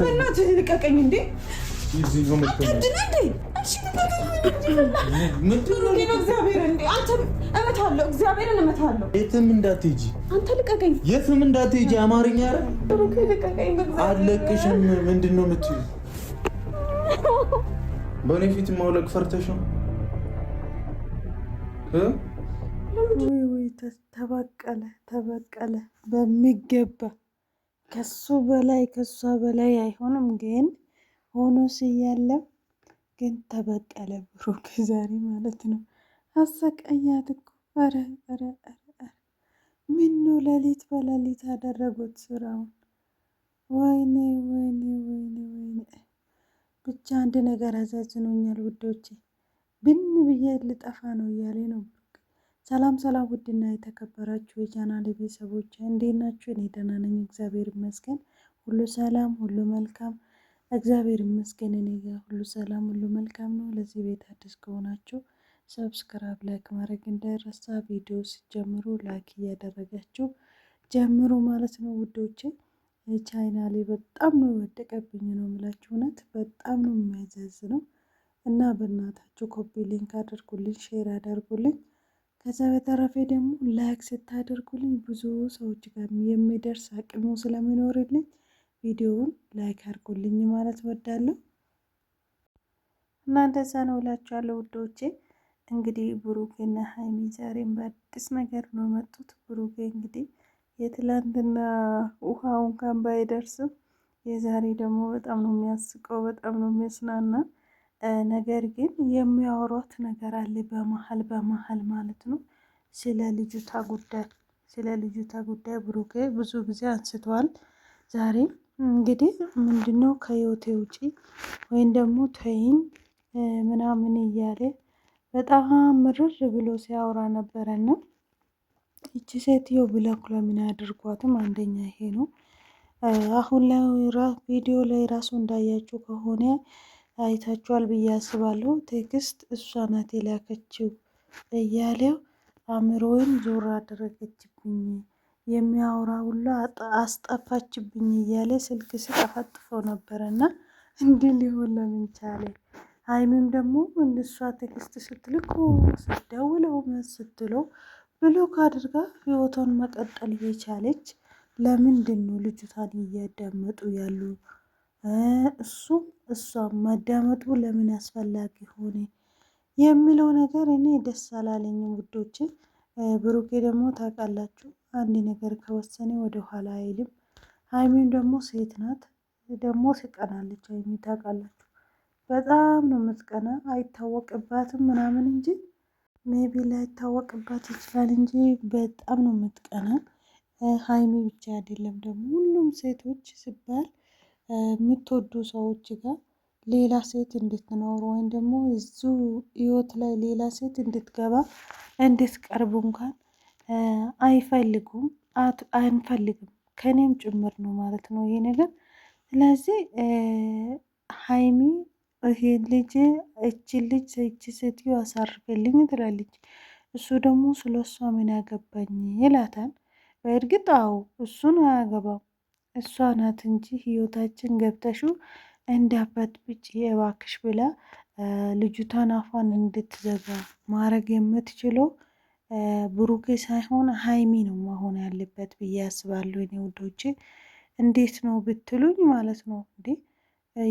በእናትህ ልቀቀኝ እንዴ! እግዚአብሔርን እመታለሁ። የትም እንዳትሄጂ አንተ ልቀቀኝ፣ የትም እንዳትሄጂ። አማርኛ አለቅሽም። ምንድን ነው የምትይው? በእኔ ፊት ማውለቅ ፈርተሽ ነው? ተበቀለ ተበቀለ በሚገባ ከሱ በላይ ከሷ በላይ አይሆንም። ግን ሆኖ ስያለም ግን ተበቀለ ብሩክ ዛሬ ማለት ነው። አሰቃያት እኮ ኧረ ኧረ ነው ሌሊት በሌሊት ያደረጉት ስራውን። ወይኔ ወይኔ ወይኔ ወይኔ ብቻ አንድ ነገር አዛዝኖኛል ውዶቼ። ብን ብዬ ልጠፋ ነው እያለ ነው ሰላም ሰላም፣ ውድና የተከበራችሁ የቻናል ቤተሰቦች እንዴት ናችሁ? እኔ ደህና ነኝ፣ እግዚአብሔር ይመስገን። ሁሉ ሰላም፣ ሁሉ መልካም፣ እግዚአብሔር ይመስገን። እኔ ጋር ሁሉ ሰላም፣ ሁሉ መልካም ነው። ለዚህ ቤት አዲስ ከሆናችሁ ሰብስክራይብ፣ ላይክ ማድረግ እንዳይረሳ። ቪዲዮ ሲጀምሩ ላይክ እያደረጋችሁ ጀምሩ ማለት ነው ውዶቼ። ቻናሌ በጣም ነው የወደቀብኝ ነው የምላችሁ፣ እውነት በጣም ነው የሚያዘዝ ነው እና በእናታችሁ ኮፒ ሊንክ አድርጉልኝ፣ ሼር አድርጉልኝ ከዛ በተረፈ ደግሞ ላይክ ስታደርጉልኝ ብዙ ሰዎች ጋር የሚደርስ አቅሙ ስለሚኖርልኝ ቪዲዮውን ላይክ አድርጉልኝ ማለት ወዳለሁ እናንተ ዛ ነው እላችኋለሁ ውዶቼ። እንግዲህ ብሩኬና ሀይሚ ዛሬም በአዲስ ነገር ነው መጡት። ብሩኬ እንግዲህ የትላንትና ውሃውን ካን ባይደርስም የዛሬ ደግሞ በጣም ነው የሚያስቀው፣ በጣም ነው የሚያስናና ነገር ግን የሚያወሯት ነገር አለ በመሀል በመሀል ማለት ነው። ስለ ልጅቷ ጉዳይ ስለ ልጅቷ ጉዳይ ብሩኬ ብዙ ጊዜ አንስተዋል። ዛሬ እንግዲህ ምንድነው ከህይወቴ ውጪ ወይም ደግሞ ተይኝ ምናምን እያለ በጣም ምርር ብሎ ሲያወራ ነበረና ይቺ ሴትዮ ብሎክ ምን አድርጓትም? አንደኛ ይሄ ነው። አሁን ላይ ቪዲዮ ላይ ራሱ እንዳያችሁ ከሆነ አይታችኋል ብዬ አስባለሁ። ቴክስት እሷ ናት የላከችው እያለው አእምሮዬን ዞር አደረገችብኝ፣ የሚያወራ ሁሉ አስጠፋችብኝ እያለ ስልክ ስጠፈጥፎ ነበረና እንዲህ ሊሆን ለምን ቻለ? ሀይሚም ደግሞ እሷ ቴክስት ስትልኮ ስትደውለው ስትለው ብሎክ አድርጋ ህይወቷን መቀጠል እየቻለች ለምንድን ነው ልጅቷን እያዳመጡ ያሉ እሱ እሷም ማዳመጡ ለምን አስፈላጊ ሆነ የሚለው ነገር እኔ ደስ አላለኝም ውዶቼ። ብሩኬ ደግሞ ታውቃላችሁ አንድ ነገር ከወሰነ ወደኋላ አይልም። ሀይሚም ደግሞ ሴት ናት፣ ደግሞ ትቀናለች። ሀይሚ ታውቃላችሁ በጣም ነው የምትቀና። አይታወቅባትም ምናምን እንጂ ሜቢ ላይታወቅባት ይችላል እንጂ በጣም ነው የምትቀና ሀይሚ ብቻ አይደለም ደግሞ ሁሉም ሴቶች ሲባል የምትወዱ ሰዎች ጋር ሌላ ሴት እንድትኖር ወይም ደግሞ እዙ ህይወት ላይ ሌላ ሴት እንድትገባ እንድትቀርቡ እንኳን አይፈልጉም አንፈልግም፣ ከኔም ጭምር ነው ማለት ነው ይሄ ነገር። ስለዚህ ሀይሚ ይሄ ልጅ እቺ ልጅ እቺ ሴትዮ አሳርፈልኝ ትላለች። እሱ ደግሞ ስለሷ ምን ያገባኝ ይላታል። በእርግጥ አዎ እሱን አያገባም እሷ ናት እንጂ ህይወታችን ገብተሹ እንዳበት ብጭ የባክሽ ብላ ልጅቷን አፏን እንድትዘጋ ማድረግ የምትችለው ብሩኬ ሳይሆን ሀይሚ ነው መሆን ያለበት ብዬ አስባለሁ። እኔ ውዶቼ እንዴት ነው ብትሉኝ ማለት ነው እንዴ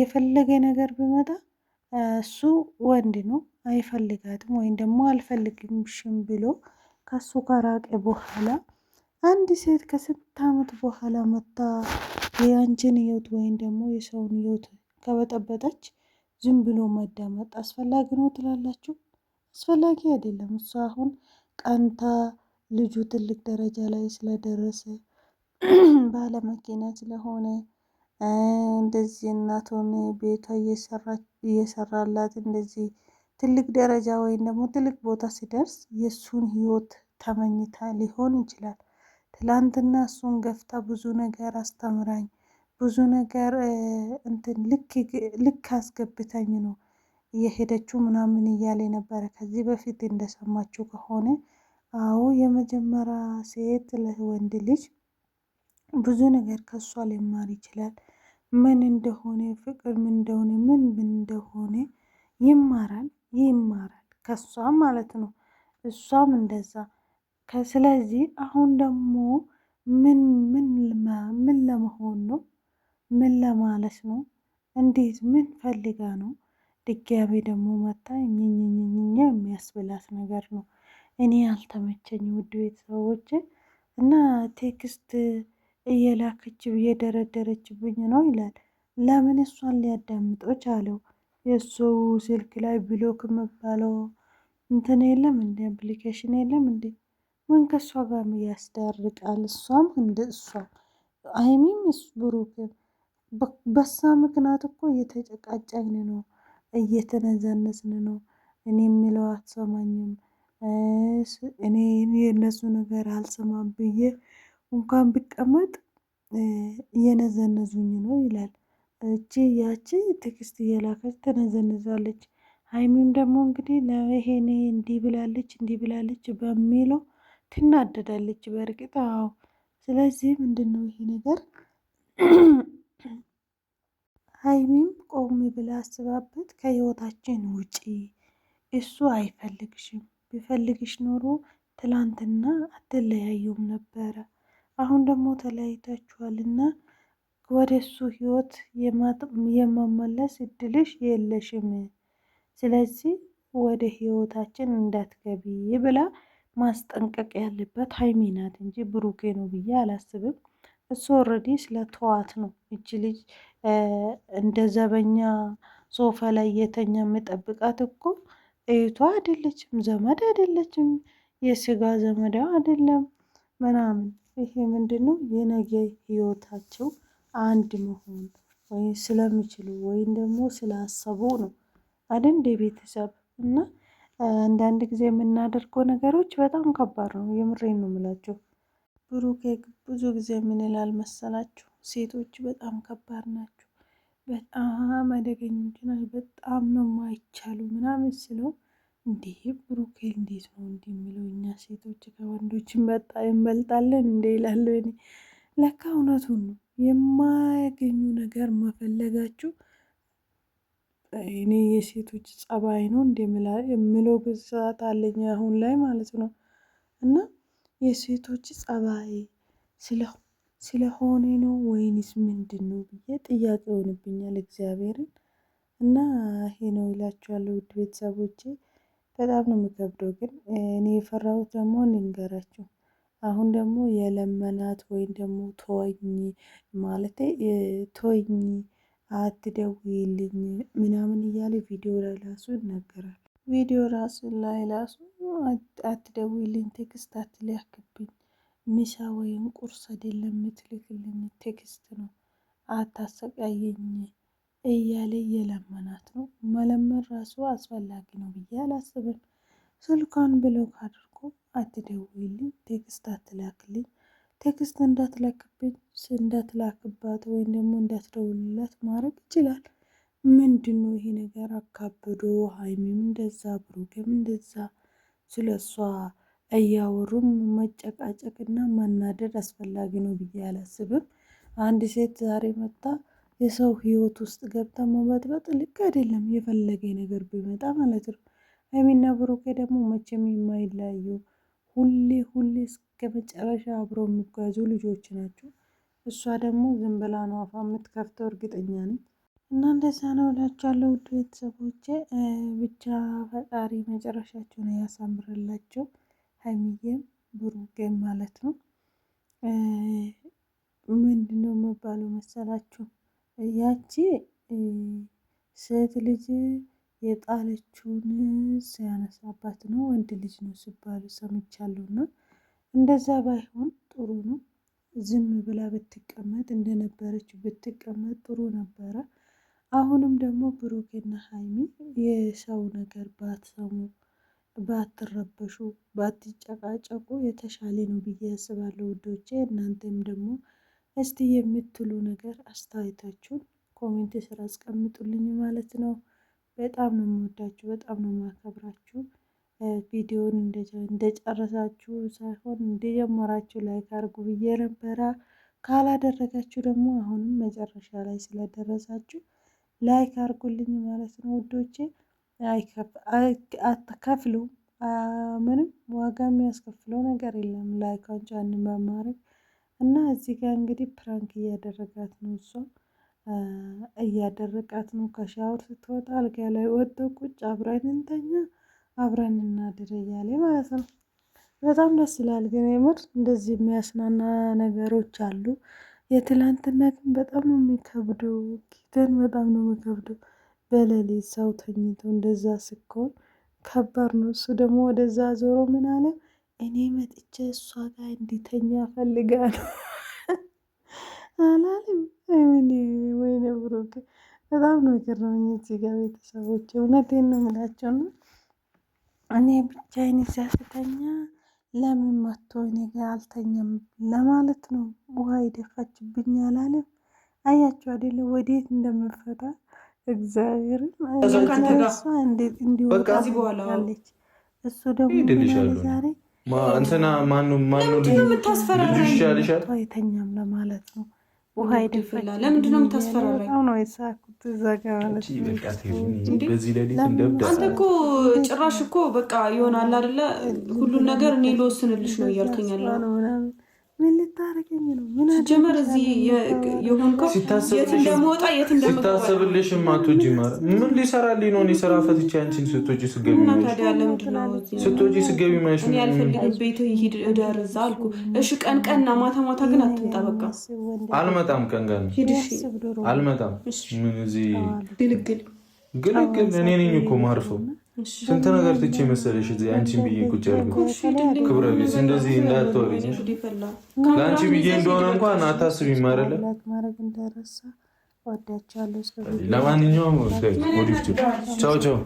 የፈለገ ነገር ቢመጣ እሱ ወንድ ነው አይፈልጋትም ወይም ደግሞ አልፈልግምሽም ብሎ ከሱ ከራቀ በኋላ አንድ ሴት ከስንት ዓመት በኋላ መታ የአንችን ህይወት ወይም ደግሞ የሰውን ህይወት ከበጠበጠች ዝም ብሎ መዳመጥ አስፈላጊ ነው ትላላችሁ? አስፈላጊ አይደለም። እሷ አሁን ቀንታ ልጁ ትልቅ ደረጃ ላይ ስለደረሰ ባለመኪና ስለሆነ እንደዚህ እናቱን ቤቷ እየሰራላት እንደዚህ ትልቅ ደረጃ ወይም ደግሞ ትልቅ ቦታ ሲደርስ የእሱን ህይወት ተመኝታ ሊሆን ይችላል። ትላንትና እሱን ገፍታ ብዙ ነገር አስተምራኝ ብዙ ነገር እንትን ልክ አስገብተኝ ነው እየሄደችው ምናምን እያለ ነበረ። ከዚህ በፊት እንደሰማችው ከሆነ አዎ የመጀመሪያ ሴት ለወንድ ልጅ ብዙ ነገር ከሷ ሊማር ይችላል። ምን እንደሆነ ፍቅር ምን እንደሆነ ምን ምን እንደሆነ ይማራል ይማራል ከሷ ማለት ነው። እሷም እንደዛ ስለዚህ አሁን ደግሞ ምን ምን ለመሆን ነው? ምን ለማለት ነው? እንዴት ምን ፈልጋ ነው? ድጋሜ ደግሞ መታ ኝኝኝኝኛ የሚያስብላት ነገር ነው። እኔ ያልተመቸኝ ውድ ቤተሰቦች እና ቴክስት እየላከች እየደረደረችብኝ ነው ይላል። ለምን እሷን ሊያዳምጦች አለው የእሱ ስልክ ላይ ብሎክ የሚባለው እንትን የለም እንደ አፕሊኬሽን የለም እንዴ? ምን ከእሷ ጋር ያስደርቃል? እሷም እንደ እሷ አይሚም ብሩክ በሳ ምክንያት እኮ እየተጨቃጨቅን ነው፣ እየተነዘነስን ነው። እኔ የሚለው አትሰማኝም፣ እኔ የእነሱ ነገር አልሰማም ብዬ እንኳን ብቀመጥ እየነዘነዙኝ ነው ይላል። እቺ ያቺ ትክስት እየላከች ተነዘንዛለች። አይሚም ደግሞ እንግዲህ ለይሄኔ እንዲህ ብላለች እንዲህ ብላለች በሚለው ትናደዳለች። በእርግጥ አዎ። ስለዚህ ምንድን ነው ይሄ ነገር ሀይሚም ቆም ብላ አስባበት። ከህይወታችን ውጪ እሱ አይፈልግሽም። ቢፈልግሽ ኖሮ ትላንትና አትለያዩም ነበረ። አሁን ደግሞ ተለያይታችኋልና ወደ እሱ ህይወት የማመለስ እድልሽ የለሽም። ስለዚህ ወደ ህይወታችን እንዳትገቢ ብላ ማስጠንቀቅ ያለበት ሀይሜ ናት እንጂ ብሩኬ ነው ብዬ አላስብም። እሱ ኦልሬዲ ተዋት ነው። እች ልጅ እንደ ዘበኛ ሶፋ ላይ የተኛ የምጠብቃት እኮ እህቷ አይደለችም፣ ዘመድ አይደለችም፣ የስጋ ዘመዳ አይደለም ምናምን። ይሄ ነው የነገ ህይወታቸው አንድ መሆን ወይ ስለሚችሉ ወይም ደግሞ ስላሰቡ ነው እንደ ቤተሰብ እና አንዳንድ ጊዜ የምናደርገው ነገሮች በጣም ከባድ ነው። የምሬን ነው የምላችሁ። ብሩኬ ብዙ ጊዜ ምን ይላል መሰላችሁ? ሴቶች በጣም ከባድ ናቸው፣ በጣም አደገኞች ናቸው፣ በጣም ነው ማይቻሉ ምናምን ስለው እንዲህ ብሩኬ እንዴት ነው እንዲህ የሚለው? እኛ ሴቶች ከወንዶች እንበልጣለን እንደ ይላለሁ። ለካ እውነቱን ነው። የማያገኙ ነገር መፈለጋችሁ እኔ የሴቶች ጸባይ ነው እንደምላ የምለው ብዛት አለኝ አሁን ላይ ማለት ነው። እና የሴቶች ጸባይ ስለሆነ ነው ወይንስ ምንድን ነው ብዬ ጥያቄ ሆንብኛል እግዚአብሔርን። እና ይሄ ነው ይላችኋለሁ ውድ ቤተሰቦቼ። በጣም ነው የሚከብደው። ግን እኔ የፈራሁት ደግሞ ልንገራችሁ። አሁን ደግሞ የለመናት ወይም ደግሞ ቶኝ ማለት ቶኝ አትደውይልኝ ምናምን እያለ ቪዲዮ ላይ ራሱ ይነገራል። ቪዲዮ ራሱ ላይ ራሱ አትደውይልኝ፣ ቴክስት አትላክብኝ፣ ምሳ ወይም ቁርስ አይደለም የምትልክልኝ ቴክስት ነው፣ አታሰቃየኝ እያለ እየለመናት ነው። መለመን ራሱ አስፈላጊ ነው ብዬ አላስብም። ስልኳን ብሎክ አድርጎ አትደውይልኝ፣ ቴክስት አትላክልኝ ቴክስት እንዳትላክብኝ እንዳትላክባት ወይም ደግሞ እንዳትደውልላት ማድረግ ይችላል። ምንድን ነው ይሄ ነገር አካብዶ ሀይሚም እንደዛ ብሩኬም እንደዛ ስለ እሷ እያወሩም መጨቃጨቅና መናደድ አስፈላጊ ነው ብዬ አላስብም። አንድ ሴት ዛሬ መጣ የሰው ህይወት ውስጥ ገብታ መበጥበጥ ልክ አይደለም። የፈለገ ነገር ቢመጣ ማለት ነው። ሀይሚና ብሩኬ ደግሞ መቼም የማይለያዩ ሁሌ ሁሌ እስከ መጨረሻ አብረው የሚጓዙ ልጆች ናቸው። እሷ ደግሞ ዝም ብላ ነው የምትከፍተው፣ እርግጠኛ ነኝ። እና እንደዛ ነው እላችኋለሁ ውድ ቤተሰቦቼ። ብቻ ፈጣሪ መጨረሻቸውን ያሳምርላቸው፣ ሀይሚዬም ብሩጌም ማለት ነው። ምንድን ነው የሚባለው መሰላችሁ ያቺ ሴት ልጅ የጣለችውን ሲያነሳባት ነው ወንድ ልጅ ነው ሲባሉ ሰምቻለሁ። እና እንደዛ ባይሆን ጥሩ ነው። ዝም ብላ ብትቀመጥ እንደነበረች ብትቀመጥ ጥሩ ነበረ። አሁንም ደግሞ ብሩክና ሀይሚ የሰው ነገር ባትሰሙ፣ ባትረበሹ፣ ባትጨቃጨቁ የተሻለ ነው ብዬ ያስባለሁ ውዶቼ። እናንተም ደግሞ እስቲ የምትሉ ነገር አስተያየታችሁን ኮሜንት ስራ አስቀምጡልኝ ማለት ነው። በጣም ነው የምወዳችሁ፣ በጣም ነው የማከብራችሁ። ቪዲዮን እንደጨረሳችሁ ሳይሆን እንደጀመራችሁ ላይክ አርጉ ብዬ ነበረ። ካላደረጋችሁ ደግሞ አሁንም መጨረሻ ላይ ስለደረሳችሁ ላይክ አርጉልኝ ማለት ነው ውዶቼ። አትከፍሉ፣ ምንም ዋጋ የሚያስከፍለው ነገር የለም። ላይክ አንጫን በማድረግ እና እዚህ ጋር እንግዲህ ፕራንክ እያደረጋት ነው እሷ እያደረቃት ነው። ከሻወር ስትወጣ አልጋ ላይ ወጥቶ ቁጭ አብረን እንተኛ አብረን እናድር እያለ ማለት ነው። በጣም ደስ ይላል። ግን የምር እንደዚህ የሚያስናና ነገሮች አሉ። የትላንትና ግን በጣም ነው የሚከብዱ። ጌታን በጣም ነው የሚከብዱ። በሌሊት ሰው ተኝቶ እንደዛ ስኮን ከባድ ነው። እሱ ደግሞ ወደዛ ዞሮ ምን አለ እኔ መጥቼ እሷ ጋር እንዲተኛ ፈልጋ ነው አላለም። ወይኔ ወይኔ ብሩክ በጣም ነው የገረመኝ። እዚህ ጋር ቤተሰቦች እውነቴን ነው የምላቸው እና እኔ ብቻዬን ሲያስተኛ ለምን መጥቶ እኔ ጋር አልተኛም ለማለት ነው ውሃ የደፋችብኝ አላለም። አያቸው አይደለ ወዴት እንደምፈታ እግዚአብሔርን እንዲወጣለች እሱ ደግሞ ዛሬ እንትና ማኑ ማኑ ልጅ ይሻልሻል አይተኛም ለማለት ነው ውሃ ይደፈላ። ለምንድን ነው የምታስፈራራኝ? ነው የሳኩት እዛ ጋር ማለት ነው። አንተ እኮ ጭራሽ እኮ በቃ ይሆናል አይደለ? ሁሉን ነገር እኔ ልወስንልሽ ነው እያልከኛል። ምን ልታረገኝ ነው? ምን ጀመር? እዚህ የሆንከው የት እንደመወጣ የት እንደመግባ ሲታሰብልሽ ማቶጂ ምን ሊሰራልኝ ነው? የስራ ፈትቼ አንቺን ስትወጪ ስገቢ ስትወጪ ስገቢ ማሽ እኔ አልፈልግም። ቤት ይሂድ እደር እዛ አልኩ። እሺ ቀን ቀንና ማታ ማታ ግን አትምጣ። በቃ አልመጣም። ቀን ቀን አልመጣም። ምን እዚህ ግልግል ግልግል። እኔ ነኝ እኮ ማርፈው ስንት ነገር ትቼ መሰለሽ እዚህ አንቺን ብዬ ቁጭ ያልኩት። ክብረ ቢስ እንደዚህ እንዳትወሪ ለአንቺ ብዬ እንደሆነ እንኳን አታስብ ይማረለ ለማንኛውም ቻው ቻው።